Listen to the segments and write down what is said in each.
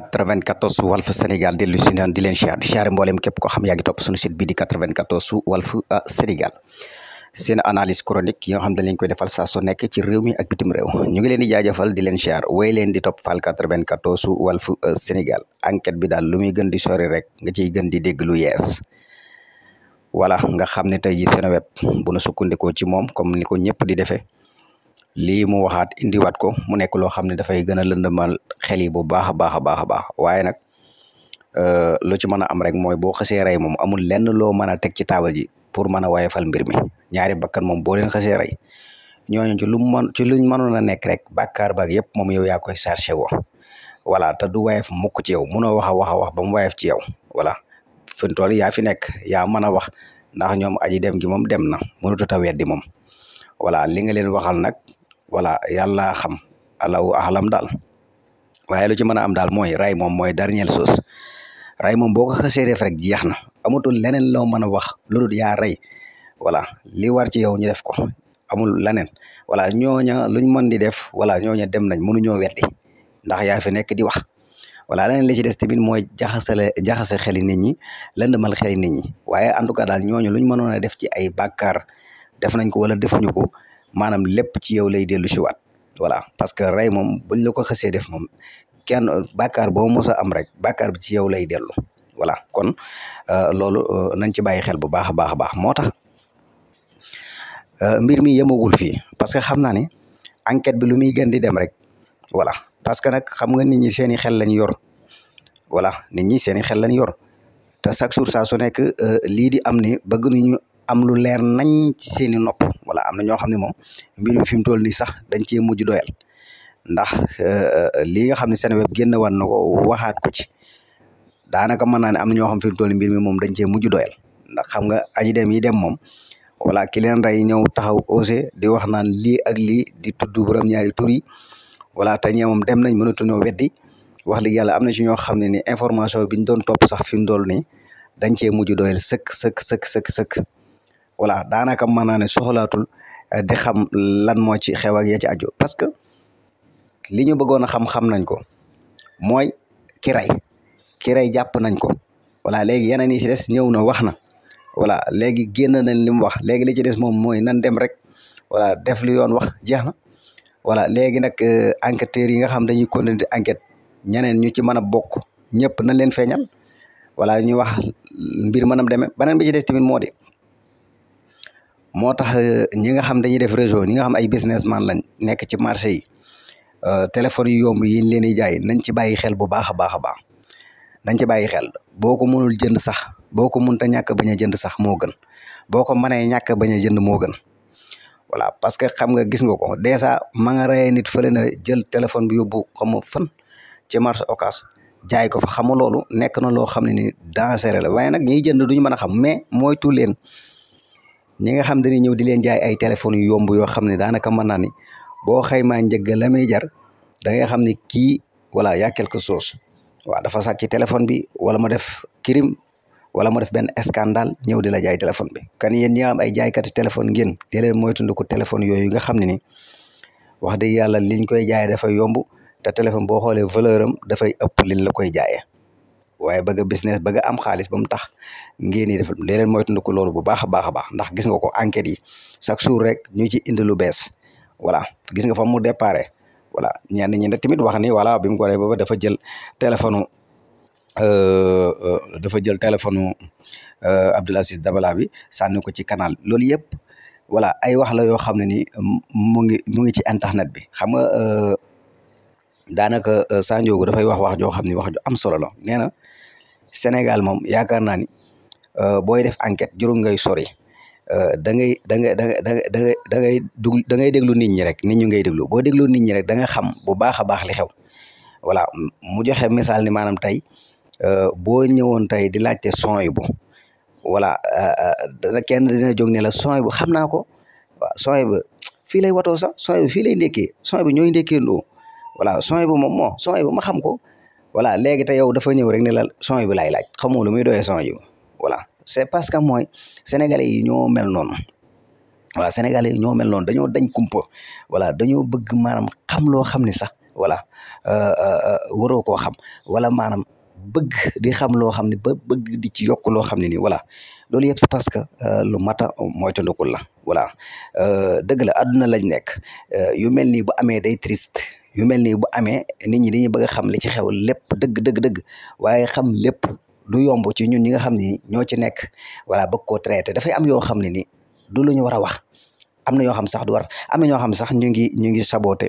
94 Walf Sénégal dellu si naan leen siyaar di siyaare képp koo xam yaa ngi topp suñu site bii di ah, seen analyse chronique yoo xam ne lañ koy defal saa su nekk ci réew ak bitim réew ñu ngi leen di jaajëfal di leen siyaar way leen di topp fal 94 Walf ah, Sénégal enquête bi daal lu muy gën di sori rek nga ciy gën di dégg lu yees nga xam ne tey jii Seneweb bu nu sukkandikoo ci moom comme ni ko ñëpp di defee lii mu waxaat indiwaat ko mu nekk loo xam ne dafay gën a lëndëmal xel yi bu baax a baax a baax a baax waaye nag euh, lu ci mën a am rek mooy boo xasee rey moom amul lenn loo mën a teg ci taabal ji pour mën a fal mbir mi ñaari bakkan moom boo leen xasee rey ñooñu ci lu mën ci luñ mënoon a nekk rek bàkkaar baak yëpp moom yow yaa koy chargé woo voilà te du fa mukk ci yow munoo wax a wax a wax ba mu wayef ci yow voilà fi mu toll yaa fi nekk yaa mën a wax ndax ñoom aji dem gi moom dem na mënutut a weddi moom voilà li nga leen waxal nag voilà yàlla xam allahu ahlam daal waaye lu ci mën a am daal mooy ray moom mooy dernière chose ray moom boo ko xasee rek jeex na amatul leneen loo mën a wax lu dul yaa rey voilà li war ci yow ñu def ko amul leneen wala ñooña luñ mën di def voilà ñooña dem nañ mënuñoo weddi ndax yaa fi nekk di wax wala leneen li ci des tamit mooy jaxasale jaxase xeli nit ñi lëndëmal xeli nit ñi waaye en tout cas daal ñooñu luñ mënoon a def ci ay bàkkaar def nañ ko wala defuñu ko maanaam lépp ci yow lay dellu si waat voilà parce que rey moom buñ la ko xasee def moom kenn bàkkaar boo mos a am rek bàkkaar bi ci yow lay dellu voilà kon euh, loolu euh, nañ ci bàyyi xel bu baax a baax a baax moo tax euh, mbir mi yemagul fii parce que xam naa ne enquête bi lu muy gën di dem rek voilà parce que nag xam nga nit ñi seen i xel lañ yor voilà ni ñi seen i xel lañ yor te chaque jour saa su nekk lii di am ne bëgg nañu am lu leer nañ ci seeni nopp wala am na ñoo xam ne moom mbir mi fi mu toll nii sax dañ cee mujj doyal ndax euh, lii nga xam ne Seneweb génn wan na ko waxaat ko ci daanaka mën naa ne am na ñoo xam fi mu toll nii mbir mi moom dañ cee mujj doyal ndax xam nga aji dem yi dem moom voilà ki leen rey ñëw taxaw osé di wax naan lii ak lii di tudd borom ñaari tur yi voilà te dem nañ mënatuñoo weddi wax dëgg yàlla am na ci ñoo xam ne ni information bi ñu doon topp sax fi mu dool nii dañ cee mujj doyal sëk sëkk sëkk sëkk sëkk voilà daanaka mën naa ne soxlaatul eh, di xam lan moo ci xew ak ya ci aju parce que li ñu bëggoon a xam-xam nañ ko mooy ki rey ki jàpp nañ ko voilà léegi yeneen yi si des ñëw na wax na wala léegi génn nañ li mu wax léegi li ci des moom mooy nan dem rek wala def lu yoon wax jeex na wala léegi nag eh, enquêteurs yi nga xam dañuy continuer di enquête ñeneen ñu ci mën a bokk ñëpp nañ leen feeñal voilà ñu wax mbir mënam demee beneen bi ci des tamit moo di moo tax euh, ñi nga xam dañuy def réseau ñi nga xam ay man lañ nekk ci marché yi euh, téléphone yu yomb yi leen di jaay nañ ci bàyyi xel bu baax a a baax nañ ci bàyyi xel boo ko mënul jënd sax boo ko mënta ñàkk bañ a jënd sax moo gën boo ko mënee ñàkk bañ a jënd moo gën voilà parce que xam nga gis nga ko dèjà ma nga rayee nit fële na jël téléphone bi yóbbu xama fan ci marché Ocass jaay ko fa xama loolu nekk na loo xam ne ni dangereux la waaye nag ñiy jënd duñu mën a xam mais moytu leen ñi nga xam dañuy ñëw di leen jaay ay yu yomb yoo xam ne daanaka mën naa ni boo xaymaa njëgg la muy jar da ngay xam ne kii voilà y a quelque chose waaw dafa sàcc téléphone bi wala mu def crime wala mu def benn scandale ñëw di la jaay téléphone bi. kan yéen ñi nga xam ay jaaykati téléphone ngeen di leen moytandiku téléphone yooyu nga xam ne ni wax dëgg yàlla liñ koy jaayee dafa yomb te téléphone boo xoolee valeur am dafay ëpp liñ la koy jaayee. waaye bëgg a business bëgg am xaalis ba tax ngeen di def dee leen moytandiku loolu bu ba a baax a baax ndax gis nga ko enquêtes yi chaque jour rek ñu ci indi lu bees voilà gis nga fa mu départ voilà ñenn ñi nag tamit wax ni voilà bi mu ko defee ba dafa jël téléphone euh, euh, dafa jël téléphone euh, Abdoul Dabala bi sànni ko ci canal loolu yëpp voilà ay wax la xam ne ni mu ngi mu ngi ci internet bi xam daanaka euh, Sandiogou dafay wax wax joo xam ni wax ju am solo la nee na Sénégal moom yaakaar naa ni euh, booy def enquête juróom ngay sori euh, da ngay da ngay da ngay da ngay da ngay dugg da ngay déglu nit ñi rek nit ñu ngay déglu boo déglu nit ñi rek da xam bu baax a baax li xew voilà mu joxe misaal ni maanaam tey boo ñëwoon tey di laajte son yi bu voilà dana kenn dina jóg ne la son yi bu xam naa ko waaw son yi bu fii lay watoo sax son fii lay ndekkee son yi bu ñooy ndekkee ndoo voilà sony bu moom moo sony bu ma xam ko voilà léegi te yow dafa ñëw rek ne la sony bu laay laaj xamoo lu muy doyee sony bu voilà c'est parce que mooy sénégalais yi ñoo mel noonu voilà sénégalais ñoo mel noonu dañoo dañ kumpa voilà dañoo bëgg maanaam xam loo xam ni sax voilà euh, euh, euh, waroo koo xam wala maanaam bëgg di xam loo xam ne ba bëgg di ci yokk loo xam ne nii voilà loolu yëpp c'est parce que lu mata moytandikul la voilà dëgg la àdduna lañ nekk yu mel nii bu amee day triste yu mel nii bu amee nit ñi dañuy bëgg a xam li ci xew lépp dëgg dëgg dëgg waaye xam lépp du yomb ci ñun ñi nga xam ni ñoo ci nekk wala bëgg koo traité dafay am yoo xam ne ni du lu ñu war a wax am na yoo xam sax du war am na ñoo xam sax ñu ngi ñu ngi saboté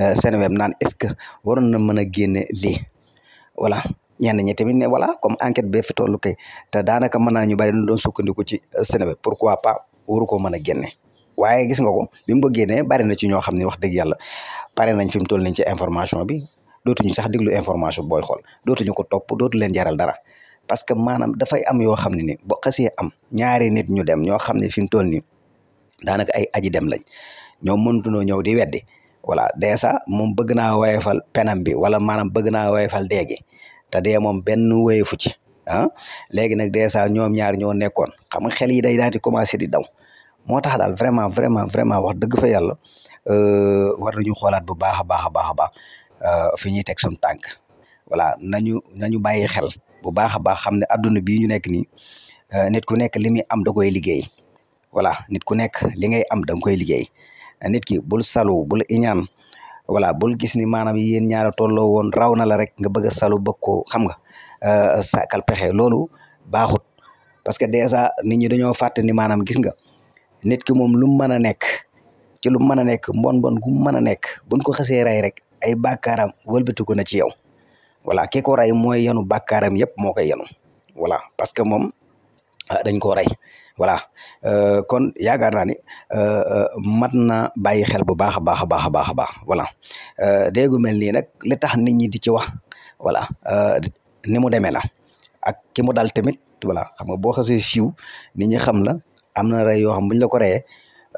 euh, Seneweb naan est-ce que waroon na mën a génne lii voilà ñenn ñi tamit ne wala comme enquête bee fi tollu kay te daanaka mën naa ñu bari doon sukkandiku ci euh, Seneweb pourquoi pas waru ko mën a génne. waaye gis nga ko bi mu ko bari na ci ñoo xam ne wax dëgg yàlla pare nañ fi mu toll nañ ci information bi dootuñu sax déglu information booy xool dootuñu ko topp dootu leen jaral dara parce que maanaam dafay am yoo xam ne ni boo xasee am ñaari nit ñu dem ñoo xam ne fi mu toll nii daanaka ay aji dem lañ ñoom mënutunoo ñëw di weddi voilà dèjà moom bëgg naa woyefal penam bi wala maanaam bëgg naa woyefal dee gi te dee moom benn woyefu ci ah léegi nag dèjà ñoom ñaar ñoo nekkoon xam nga xel yi day daal di commencé di daw moo tax daal vraiment vraiment vraiment wax dëgg fa yàlla euh, war nañu xoolaat bu baax a baax a baax a baax euh, fi ñuy teg suñu tànk voilà nañu nañu bàyyi xel bu baax a baax xam ne adduna bii ñu nekk nii euh, nit ku nekk li muy am da koy liggéey voilà nit ku nekk li ngay am da nga koy liggéey nit ki bul salu bul iñaan voilà bul gis ni maanaam yéen ñaara tolloo woon raw na la rek nga bëgg a salu bëgg ko xam nga sàkkal pexe loolu baaxut parce que dèjà nit ñi dañoo fàtte ni maanaam gis nga nit ki moom lu mën a nekk ci lu mën a nekk mbon mbon gu mën a nekk buñ ko xasee rey rek ay bàkkaaram wëlbatiku na ci yow voilà ke ko rey mooy yenu bàkkaaram yëpp moo koy yenu voilà parce que moom ah, dañ koo rey voilà euh, kon yaakaar naa ni euh, euh, mat na bàyyi xel bu baax a baax a baax a baax a baax voilà déegu mel nii nag li tax nit ñi di ci wax voilà ni mu demee la ak ki mu dal tamit voilà xam nga boo xasee siiw nit ñi xam la am na rey yoo xam buñ la ko reyee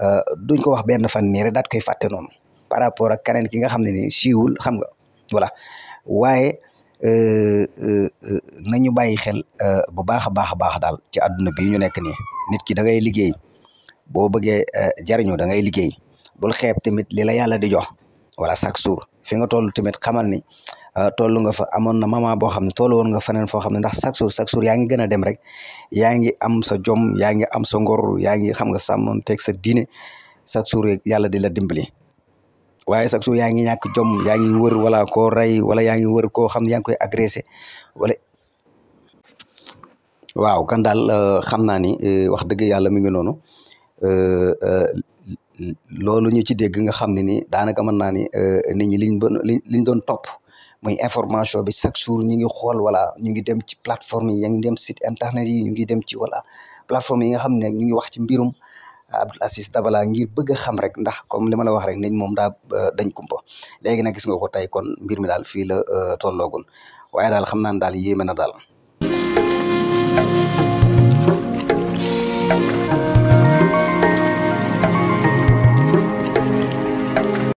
euh, duñ ko wax benn fan nii rek koy fàtte noonu par rapport ak keneen ki nga xam ne ni siiwul xam nga voilà waaye euh, euh, nañu bàyyi xel bu baax a baax a baax daal ci àdduna bi ñu nekk nii nit ki da ngay liggéey boo bëggee jariñu da ngay liggéey bul xeeb tamit li la yàlla di jox voilà chaque jour fi nga toll tamit xamal ni Euh, toll nga fa amoon na moment boo xam ne toll woon nga feneen foo xam ne ndax chaque jour chaque jour yaa ngi rek yaa ngi am sa jom yaa ngi am sa ngor yaa ngi xam nga sàmmoon teg sa diine chaque jour yàlla di la dimbali waaye chaque jour yaa ngi ñàkk jom yaa ngi wër wala koo ray wala yaa ngi wër koo xam ne yaa koy agressé wala waaw kan daal euh, xam naa ni euh, wax dëgg yàlla mi ngi noonu loolu ñu ci dégg nga xam ne ni daanaka mën naa ni nit ñi liñ liñ doon topp mooy information bi chaque jour ñu ngi xool voilà ñu ngi dem ci plateforme yi ñu dem site internet yi ñu ngi dem ci voilà plateforme yi nga xam ne ñu ngi wax ci mbirum euh, Abdoul Aziz Dabala ngir bëgg xam rek ndax comme li ma la wax rek nañ moom daal euh, dañ kumpa léegi nag gis nga ko tey kon mbir mi daal fii la euh, tolloogul waaye daal xam naan daal yéeme na daal